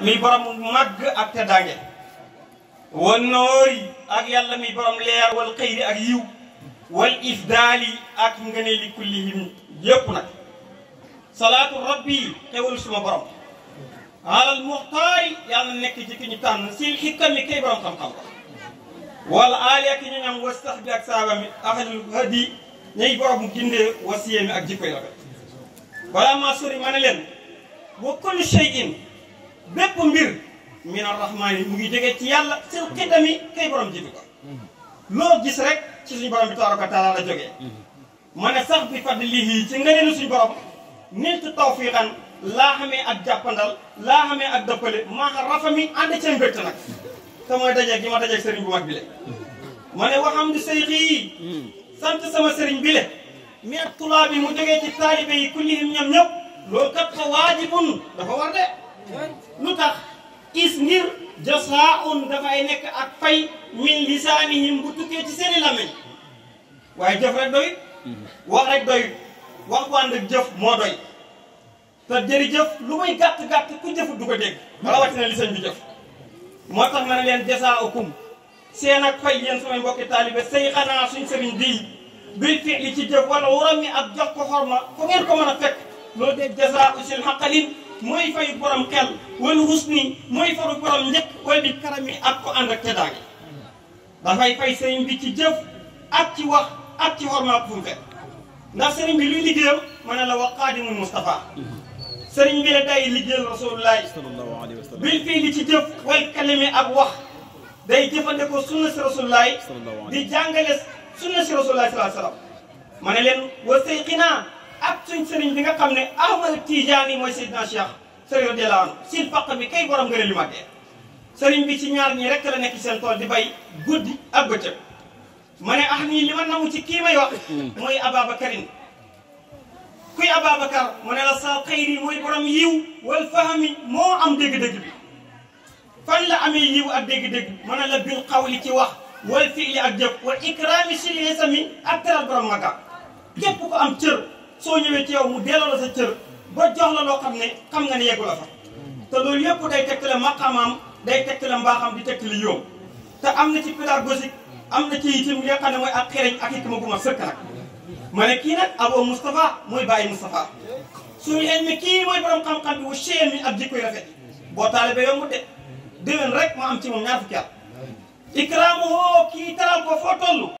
mi borom màgg ak teddaange wa noori ak yàlla mi borom leer wal xëyri ak yiw wal ifdaali ak ngëneeli kullihim yépp nag salaatu rabbi xewal suma borom alal muxtaari yàlla nekk ci ki ñu tànn sil xikam mi kay borom xam-xam wala aali ak ñu ñam was tax ak saaba mi axalul hadi ñay borom gindee wasiyee mi ak jikkoy rafet wala ma sori ma ne leen wa kullu bépp mbir minar rahmaani mu ngi jógee ci yàlla seen xidami kay borom jibi ko loo gis rek ci suñu borom bi tabaraka taala la jógee ma ne sax bi fadlihi ci ngëneelu suñu borom nit tawfiqan laa xamee ak jàppandal laa xamee ak dëppale maa rafami ànd ca mbégte nag te mooy dajeeg gi ma dajeeg sëriñ bu mag bi le ma ne waxam di seyxi sant sama sëriñ bi le mi ak tulaa bi mu jógee ci taalibe yi kullihim ñoom ñëpp loolu kat fa waajibun dafa lisaanihim bu tukkee ci seeni làmmiñ waaye jëf rek doyut wax rek doyut wax bu ànd ak jëf moo doy te jërëjëf lu muy gàtt-gàtt ko dégg rawatina li sëñ bi jëf moo tax ma ne leen jasaa'ukum seen ak fay yéen samay say xanaa suñ sëriñ ci jëf wala waram mi ak jox ko ngeen ko mën a fekk loolu de mooy fay borom mooy faru borom njëkk wala ak ko dafay fay sëriñ bi ci jëf ak ci wax ak ci hormaat fu mu fekk ndax sëriñ bi luy liggéeyam mën na la wax xaadimul Moustapha sëriñ bi ne day liggéeyal rasulullahi bil fii li ci jëf wal kalime ak wax day jëfandikoo sunna si rasulullahi di jàngale sunna si rasulullahi sallallahu alayhi wasallam ma ne leen wa say xinaa ak suñ sëriñ bi nga xam ne Ahmad Tijaani mooy Seydina Cheikh sëriñ radiyallahu anhu sin faq bi kay borom ngëne li màggee sëriñ bi ci ñaar ñi rekk la nekk seen tool di bay guddi ak bëccëg ma ne ah nii li ma namu ci kii may wax mooy Ababakarin kuy Ababakar mu ne la saa xayri mooy borom yiw wal fahmi moo am dégg-dégg bi fan la amee yiw ak dégg-dégg mu ne la bil li ci wax wal fiili ak jëf wal ikraami sili sami ak teral borom maka képp ko am cër soo ñëwee ci yow mu delloo la sa cër ba jox la loo xam ne xam nga ne yeggu la fa te loolu yëpp day tegtale maqaamaam day tegtale mbaaxam di tegtale yoom te am na ci pédagogique am na ci itam li nga xam ne mooy ak xereñ ak hikma bu ma sëkk nag ma ne kii nag abo Moustapha mooy bàyyi Moustapha suñu xel mi kii mooy borom xam-xam bi wu chien mi ak jikkoy boo taale ba yomb de déwén rek ma am ci moom ñaar fukki at ki kii taral ko foo toll